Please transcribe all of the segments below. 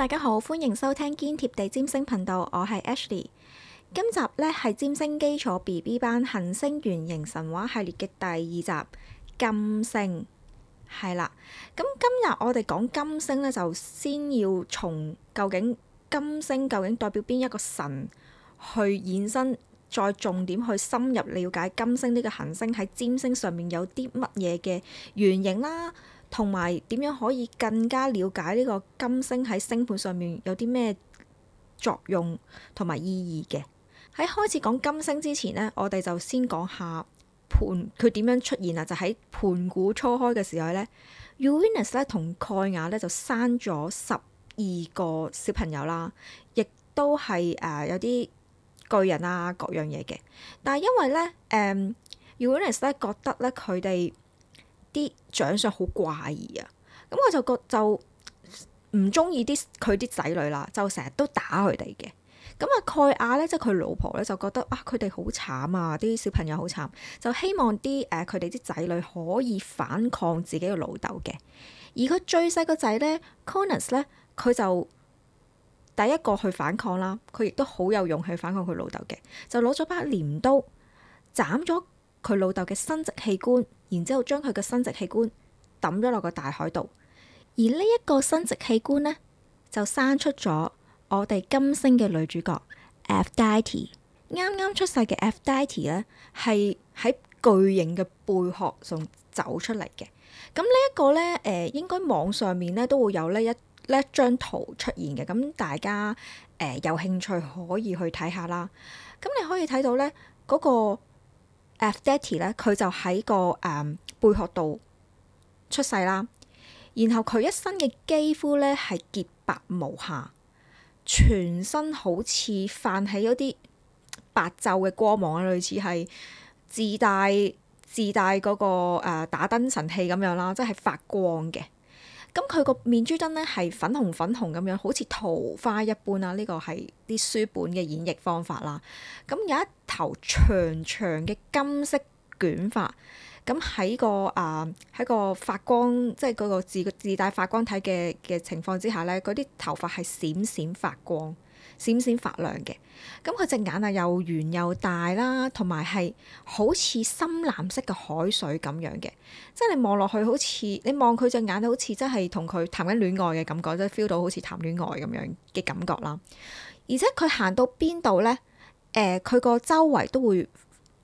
大家好，歡迎收聽堅貼地占星頻道，我係 Ashley。今集咧係占星基礎 BB 班行星原型神話系列嘅第二集金星，係啦。咁今日我哋講金星咧，就先要從究竟金星究竟代表邊一個神去衍生，再重點去深入了解金星呢個行星喺占星上面有啲乜嘢嘅原型啦。同埋點樣可以更加了解呢個金星喺星盤上面有啲咩作用同埋意義嘅？喺開始講金星之前呢，我哋就先講下盤佢點樣出現啦。就喺、是、盤古初開嘅時候呢，Uranus 咧同蓋亞咧就生咗十二個小朋友啦，亦都係誒、呃、有啲巨人啊各樣嘢嘅。但係因為呢誒、嗯、Uranus 咧覺得咧佢哋啲長相好怪異啊！咁我就覺就唔鍾意啲佢啲仔女啦，就成日都打佢哋嘅。咁啊蓋亞呢，即係佢老婆呢，就覺得啊，佢哋好慘啊！啲小朋友好慘，就希望啲誒佢哋啲仔女可以反抗自己嘅老豆嘅。而佢最細個仔呢 Cronus 呢，佢就第一個去反抗啦。佢亦都好有勇氣反抗佢老豆嘅，就攞咗把鐮刀斬咗。佢老豆嘅生殖器官，然之後將佢嘅生殖器官抌咗落個大海度，而呢一個生殖器官呢，就生出咗我哋金星嘅女主角 Aphrodite。啱啱出世嘅 Aphrodite 咧係喺巨型嘅貝殼上走出嚟嘅。咁呢一個呢，誒、呃，應該網上面呢都會有呢一咧一張圖出現嘅。咁大家誒、呃、有興趣可以去睇下啦。咁你可以睇到呢嗰、那個。F daddy 咧、那個，佢就喺個誒貝殼度出世啦，然後佢一身嘅肌膚咧係潔白無瑕，全身好似泛起嗰啲白晝嘅光芒啊，類似係自帶自帶嗰個、那個誒、呃、打燈神器咁樣啦，即係發光嘅。咁佢個面珠燈咧係粉紅粉紅咁樣，好似桃花一般啦。呢個係啲書本嘅演繹方法啦。咁有一頭長長嘅金色捲髮，咁喺個啊喺，呃，個發光，即係嗰個自自帶發光體嘅嘅情況之下咧，嗰啲頭髮係閃閃發光。閃閃發亮嘅，咁佢隻眼啊又圓又大啦，同埋係好似深藍色嘅海水咁樣嘅，即係你望落去好似你望佢隻眼好似真係同佢談緊戀愛嘅感覺，即係 feel 到好似談戀愛咁樣嘅感覺啦。而且佢行到邊度呢？誒佢個周圍都會誒、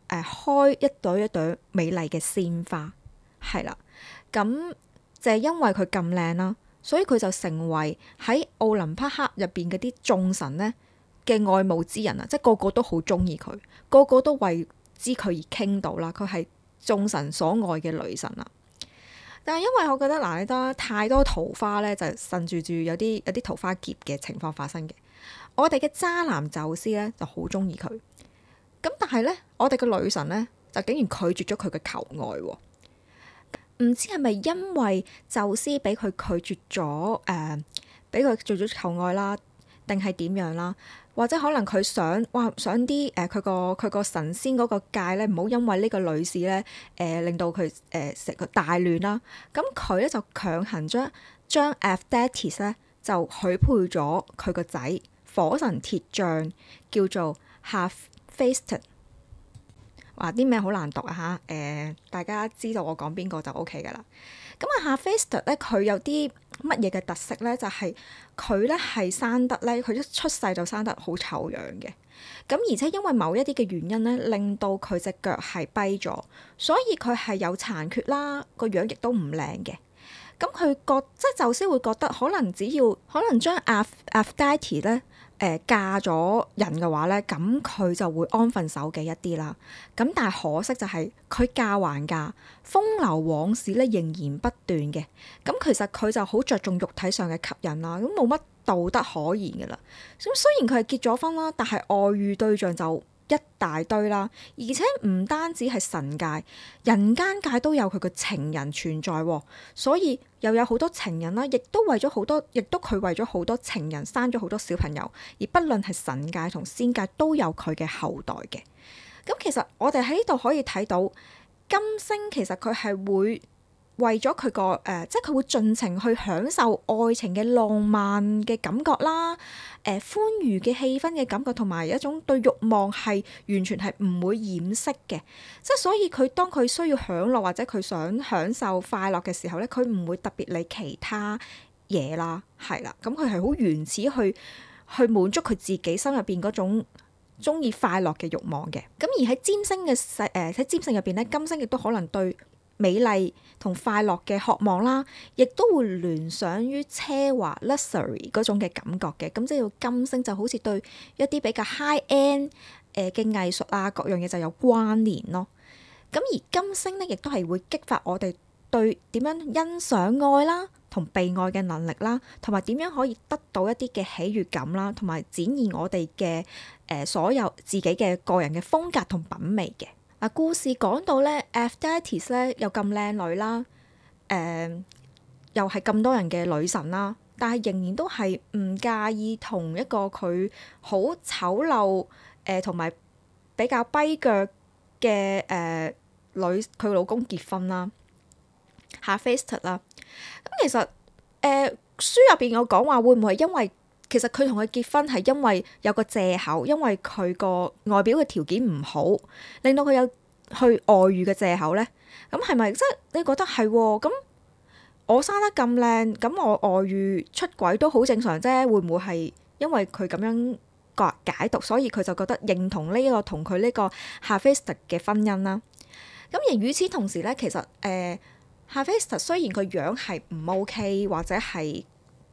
呃、開一朵一朵美麗嘅鮮花，係啦，咁就係因為佢咁靚啦。所以佢就成為喺奧林匹克入邊嗰啲眾神呢嘅愛慕之人啊，即係個個都好中意佢，個個都為之佢而傾倒啦。佢係眾神所愛嘅女神啊！但係因為我覺得嗱，你得太多桃花呢，就順住住有啲有啲桃花劫嘅情況發生嘅。我哋嘅渣男宙斯呢就好中意佢，咁但係呢，我哋嘅女神呢，就竟然拒絕咗佢嘅求愛。唔知係咪因為宙斯俾佢拒絕咗，誒俾佢做咗求愛啦，定係點樣啦？或者可能佢想，哇想啲誒佢個佢個神仙嗰個界咧，唔好因為呢個女士咧，誒、呃、令到佢誒成個大亂啦。咁佢咧就強行將將、F》呢《Aphrodite 咧就許配咗佢個仔火神鐵匠，叫做 Hephaestus 話啲咩好難讀啊嚇，誒大家知道我講邊個就 O K 㗎啦。咁啊，夏費斯特咧，佢有啲乜嘢嘅特色咧？就係佢咧係生得咧，佢一出世就生得好醜樣嘅。咁而且因為某一啲嘅原因咧，令到佢隻腳係跛咗，所以佢係有殘缺啦，個樣亦都唔靚嘅。咁佢覺即係宙斯會覺得，可能只要可能將阿阿費蒂咧。誒嫁咗人嘅話呢，咁佢就會安分守己一啲啦。咁但係可惜就係、是、佢嫁還嫁，風流往事呢仍然不斷嘅。咁其實佢就好着重肉體上嘅吸引啦，咁冇乜道德可言嘅啦。咁雖然佢係結咗婚啦，但係外遇對象就。一大堆啦，而且唔單止係神界，人間界都有佢嘅情人存在，所以又有好多情人啦，亦都為咗好多，亦都佢為咗好多情人生咗好多小朋友，而不論係神界同仙界都有佢嘅後代嘅。咁其實，我哋喺呢度可以睇到金星其實，佢係會。為咗佢個誒，即係佢會盡情去享受愛情嘅浪漫嘅感覺啦，誒歡愉嘅氣氛嘅感覺，同埋一種對欲望係完全係唔會掩飾嘅。即係所以佢當佢需要享樂或者佢想享受快樂嘅時候咧，佢唔會特別理其他嘢啦，係啦。咁佢係好原始去去滿足佢自己心入邊嗰種中意快樂嘅欲望嘅。咁而喺占星嘅世誒喺占星入邊咧，金星亦都可能對。美麗同快樂嘅渴望啦，亦都會聯想於奢華、luxury 嗰種嘅感覺嘅，咁即係要金星就好似對一啲比較 high end 嘅藝術啊，各樣嘢就有關聯咯。咁而金星呢，亦都係會激發我哋對點樣欣賞愛啦，同被愛嘅能力啦，同埋點樣可以得到一啲嘅喜悅感啦，同埋展現我哋嘅所有自己嘅個人嘅風格同品味嘅。故事講到呢 Aphrodite 咧，又咁靚女啦，誒、呃、又係咁多人嘅女神啦，但係仍然都係唔介意同一個佢好醜陋同埋、呃、比較跛腳嘅誒、呃、女佢老公結婚啦吓 Hephaestus 啦。咁其實誒、呃、書入邊有講話，會唔會係因為？其實佢同佢結婚係因為有個借口，因為佢個外表嘅條件唔好，令到佢有去外遇嘅借口呢，咁係咪即係你覺得係？咁我生得咁靚，咁我外遇出軌都好正常啫。會唔會係因為佢咁樣解解讀，所以佢就覺得認同呢個同佢呢個 Hephaestus 嘅婚姻啦？咁、嗯、而與此同時呢，其實誒 Hephaestus 雖然個樣係唔 OK 或者係。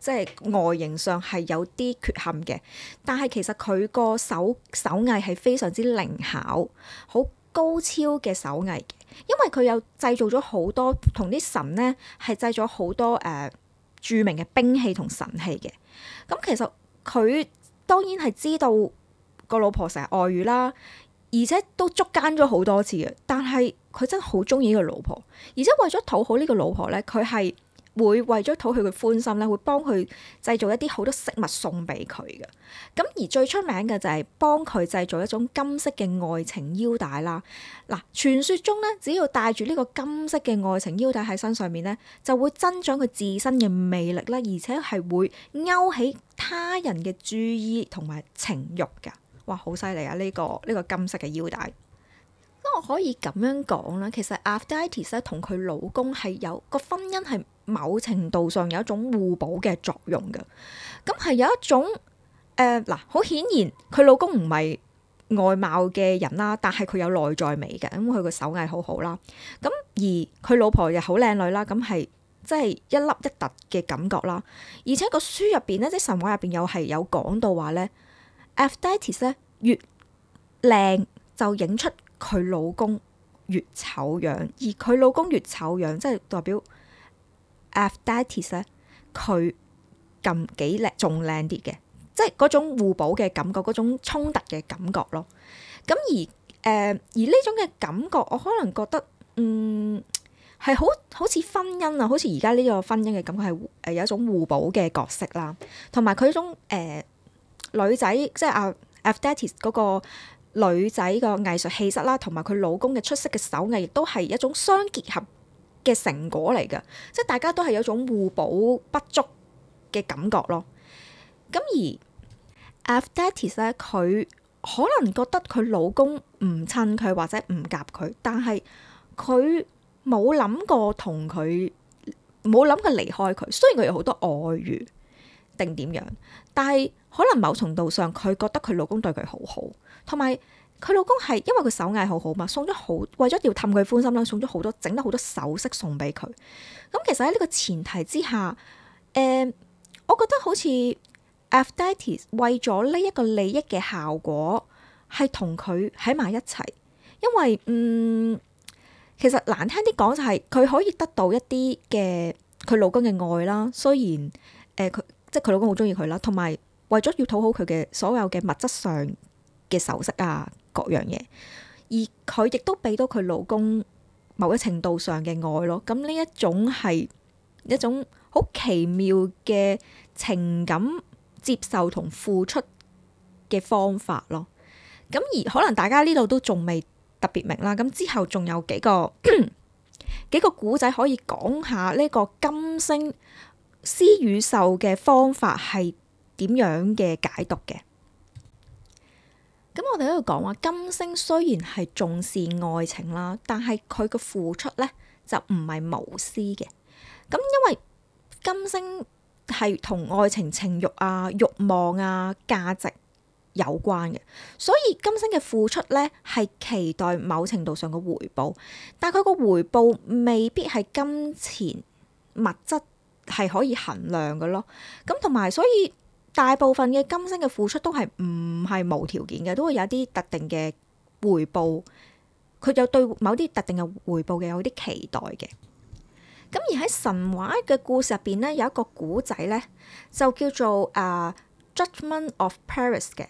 即係外形上係有啲缺陷嘅，但係其實佢個手手藝係非常之靈巧、好高超嘅手藝。因為佢又製造咗好多同啲神呢係製咗好多誒、呃、著名嘅兵器同神器嘅。咁其實佢當然係知道個老婆成日外遇啦，而且都捉奸咗好多次嘅。但係佢真係好鍾意個老婆，而且為咗討好呢個老婆呢，佢係。會為咗討佢嘅歡心咧，會幫佢製造一啲好多飾物送俾佢嘅。咁而最出名嘅就係幫佢製造一種金色嘅愛情腰帶啦。嗱，傳說中咧，只要戴住呢個金色嘅愛情腰帶喺身上面咧，就會增長佢自身嘅魅力啦，而且係會勾起他人嘅注意同埋情慾㗎。哇，好犀利啊！呢個呢個金色嘅腰帶。咁我可以咁樣講啦，其實阿德埃蒂斯同佢老公係有個婚姻係。某程度上有一種互補嘅作用嘅，咁係有一種誒嗱，好、呃、顯然佢老公唔係外貌嘅人啦，但係佢有內在美嘅，因佢個手藝好好啦。咁而佢老婆又好靚女啦，咁係即係一凹一凸嘅感覺啦。而且個書入邊呢，即神話入邊又係有講到話呢、mm. Aphrodite 咧越靚就影出佢老公越醜樣，而佢老公越醜樣，即係代表。Aphrodite 咧，佢咁幾靚，仲靚啲嘅，即係嗰種互補嘅感覺，嗰種衝突嘅感覺咯。咁而誒、呃，而呢種嘅感覺，我可能覺得，嗯，係好好似婚姻啊，好似而家呢個婚姻嘅感覺係誒有一種互補嘅角色啦，同埋佢種誒、呃、女仔，即係阿 Aphrodite 嗰個女仔個藝術氣質啦，同埋佢老公嘅出色嘅手藝，亦都係一種相結合。嘅成果嚟嘅，即係大家都係有種互補不足嘅感覺咯。咁而 Aphrodite 咧，佢可能覺得佢老公唔襯佢或者唔夾佢，但係佢冇諗過同佢冇諗佢離開佢。雖然佢有好多外遇定點樣，但係可能某程度上佢覺得佢老公對佢好好，同埋。佢老公係因為佢手藝好好嘛，送咗好，為咗要氹佢歡心啦，送咗好多，整咗好多首飾送俾佢。咁其實喺呢個前提之下，誒、呃，我覺得好似 Aphrodite 為咗呢一個利益嘅效果，係同佢喺埋一齊。因為嗯，其實難聽啲講就係佢可以得到一啲嘅佢老公嘅愛啦。雖然誒，佢、呃、即係佢老公好中意佢啦，同埋為咗要討好佢嘅所有嘅物質上。嘅首飾啊，各樣嘢，而佢亦都俾到佢老公某一程度上嘅愛咯。咁呢一種係一種好奇妙嘅情感接受同付出嘅方法咯。咁而可能大家呢度都仲未特別明啦。咁之後仲有幾個 幾個古仔可以講下呢個金星施與受嘅方法係點樣嘅解讀嘅。咁我哋喺度講話金星雖然係重視愛情啦，但係佢嘅付出咧就唔係無私嘅。咁因為金星係同愛情、情慾啊、慾望啊、價值有關嘅，所以金星嘅付出咧係期待某程度上嘅回報，但係佢個回報未必係金錢、物質係可以衡量嘅咯。咁同埋所以。大部分嘅金星嘅付出都係唔係無條件嘅，都會有啲特定嘅回報，佢有對某啲特定嘅回報嘅有啲期待嘅。咁而喺神話嘅故事入邊咧，有一個古仔咧，就叫做《誒、uh, Judgment of Paris》嘅。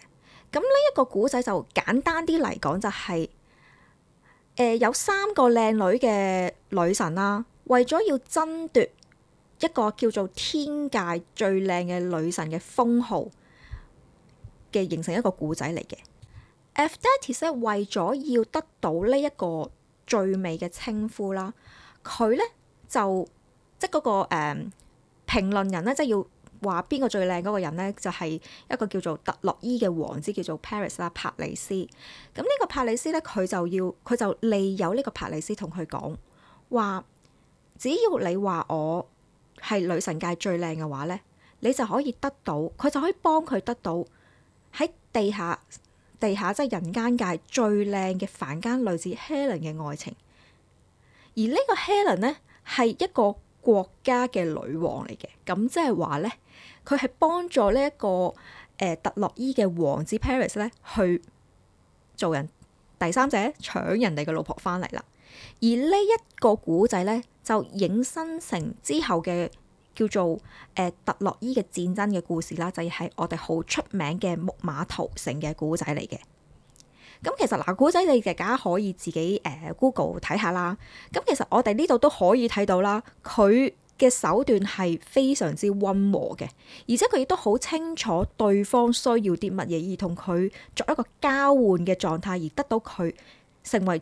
咁呢一個古仔就簡單啲嚟講，就係誒有三個靚女嘅女神啦，啊，為咗要爭奪。一個叫做天界最靚嘅女神嘅封號嘅形成一個故仔嚟嘅。Aphrodite 咧，為咗要得到呢一個最美嘅稱呼啦，佢呢就即係、那、嗰個誒、um, 評論人呢，即係要話邊個最靚嗰個人呢，就係、是、一個叫做特洛伊嘅王子叫做 Paris 啦，帕里斯。咁呢個帕里斯呢，佢就要佢就利誘呢個帕里斯同佢講話，只要你話我。係女神界最靚嘅話呢，你就可以得到，佢就可以幫佢得到喺地下、地下即係人間界最靚嘅凡間女子 Helen 嘅愛情。而呢個 Helen 呢，係一個國家嘅女王嚟嘅，咁即係話呢，佢係幫助呢一、這個、呃、特洛伊嘅王子 Paris 呢去做人第三者搶人哋嘅老婆翻嚟啦。而呢一個古仔呢。就引申成之後嘅叫做、呃、特洛伊嘅戰爭嘅故事啦，就係、是、我哋好出名嘅木馬屠城嘅古仔嚟嘅。咁、嗯、其實嗱，古、呃、仔你梗係可以自己誒、呃、Google 睇下啦。咁、嗯、其實我哋呢度都可以睇到啦，佢嘅手段係非常之温和嘅，而且佢亦都好清楚對方需要啲乜嘢，而同佢作一個交換嘅狀態，而得到佢成為。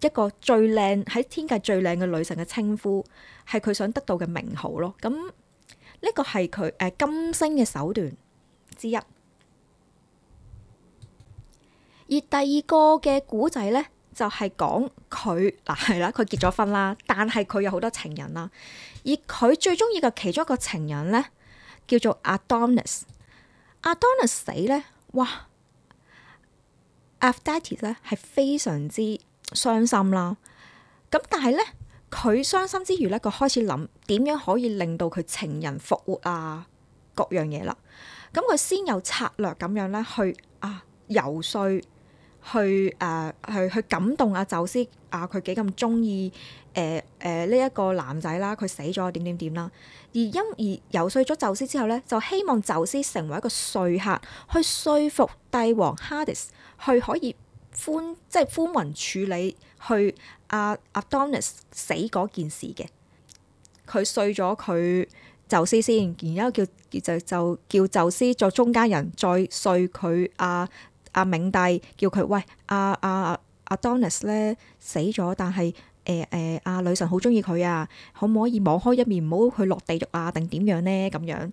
一個最靚喺天界最靚嘅女神嘅稱呼，係佢想得到嘅名號咯。咁呢個係佢誒，金星嘅手段之一。而第二個嘅古仔咧，就係講佢，嗱，係啦，佢結咗婚啦，但係佢有好多情人啦。而佢最中意嘅其中一個情人咧，叫做 Adonis。Adonis 死咧，哇！Aphrodite 咧係非常之～傷心啦，咁但係咧，佢傷心之餘咧，佢開始諗點樣可以令到佢情人復活啊，各樣嘢啦。咁佢先有策略咁樣咧，去啊遊說，去誒、呃、去去感動阿、啊、宙斯，阿佢幾咁中意誒誒呢一個男仔啦，佢死咗點點點啦。而因而遊說咗宙斯之後咧，就希望宙斯成為一個說客，去說服帝王哈迪斯去可以。寬，即係寬宏處理去阿阿 Adonis 死嗰件事嘅，佢碎咗佢宙斯先，然之後叫就就叫宙斯作中間人再碎佢阿阿冥帝，叫、啊、佢喂、啊、阿阿、啊、阿 Adonis 咧死咗，但係誒誒阿女神好中意佢啊，可唔可以網開一面，唔好去落地獄啊，定點樣呢？咁樣？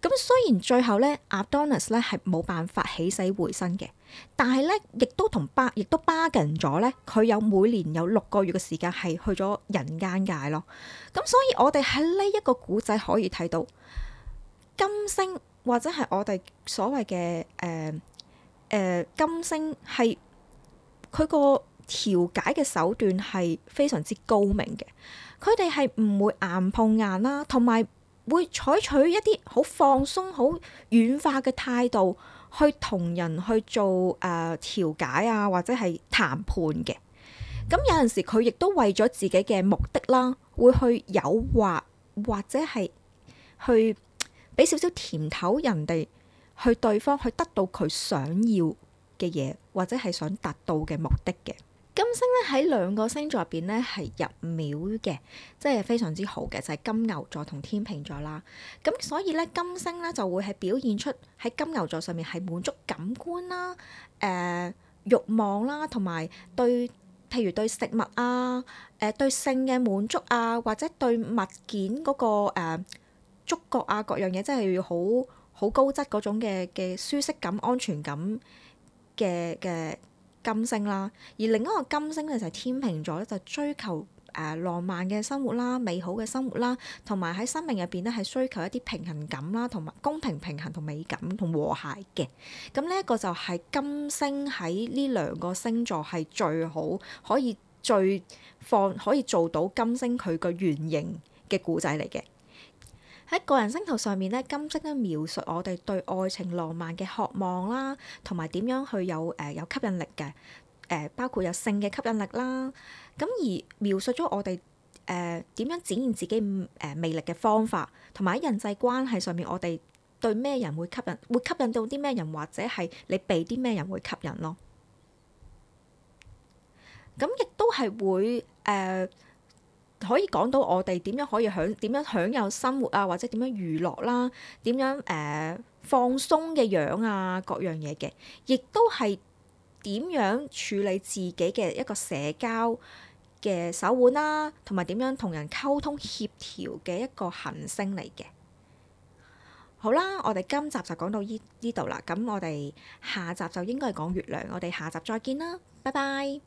咁雖然最後咧，Adonis 咧係冇辦法起死回生嘅，但係咧，亦都同巴，亦都 bargain 咗咧，佢有每年有六個月嘅時間係去咗人間界咯。咁所以我哋喺呢一個古仔可以睇到金星或者係我哋所謂嘅誒誒金星係佢個調解嘅手段係非常之高明嘅，佢哋係唔會硬碰硬啦，同埋，會採取一啲好放鬆、好軟化嘅態度去同人去做誒調解啊，或者係談判嘅。咁有陣時佢亦都為咗自己嘅目的啦，會去誘惑或者係去俾少少甜頭人哋去對方去得到佢想要嘅嘢，或者係想達到嘅目的嘅。金星咧喺兩個星座入邊咧係入廟嘅，即係非常之好嘅，就係金牛座同天秤座啦。咁所以咧金星咧就會係表現出喺金牛座上面係滿足感官啦、誒慾望啦，同埋對譬如對食物啊、誒對性嘅滿足啊，或者對物件嗰個誒觸覺啊各樣嘢，即係要好好高質嗰種嘅嘅舒適感、安全感嘅嘅。金星啦，而另一個金星咧就係天秤座咧，就是，追求誒浪漫嘅生活啦、美好嘅生活啦，同埋喺生命入邊咧係需求一啲平衡感啦，同埋公平平衡同美感同和諧嘅。咁呢一個就係金星喺呢兩個星座係最好可以最放可以做到金星佢個原型嘅故仔嚟嘅。喺個人星圖上面咧，金星咧描述我哋對愛情浪漫嘅渴望啦，同埋點樣去有誒、呃、有吸引力嘅誒、呃，包括有性嘅吸引力啦。咁而描述咗我哋誒點樣展現自己誒魅力嘅方法，同埋喺人際關係上面，我哋對咩人會吸引，會吸引到啲咩人，或者係你被啲咩人會吸引咯。咁亦都係會誒。呃可以講到我哋點樣可以享點樣享有生活啊，或者點樣娛樂啦、啊，點樣誒、呃、放鬆嘅樣啊，各樣嘢嘅，亦都係點樣處理自己嘅一個社交嘅手腕啦、啊，同埋點樣同人溝通協調嘅一個行星嚟嘅。好啦，我哋今集就講到呢呢度啦，咁我哋下集就應該係講月亮，我哋下集再見啦，拜拜。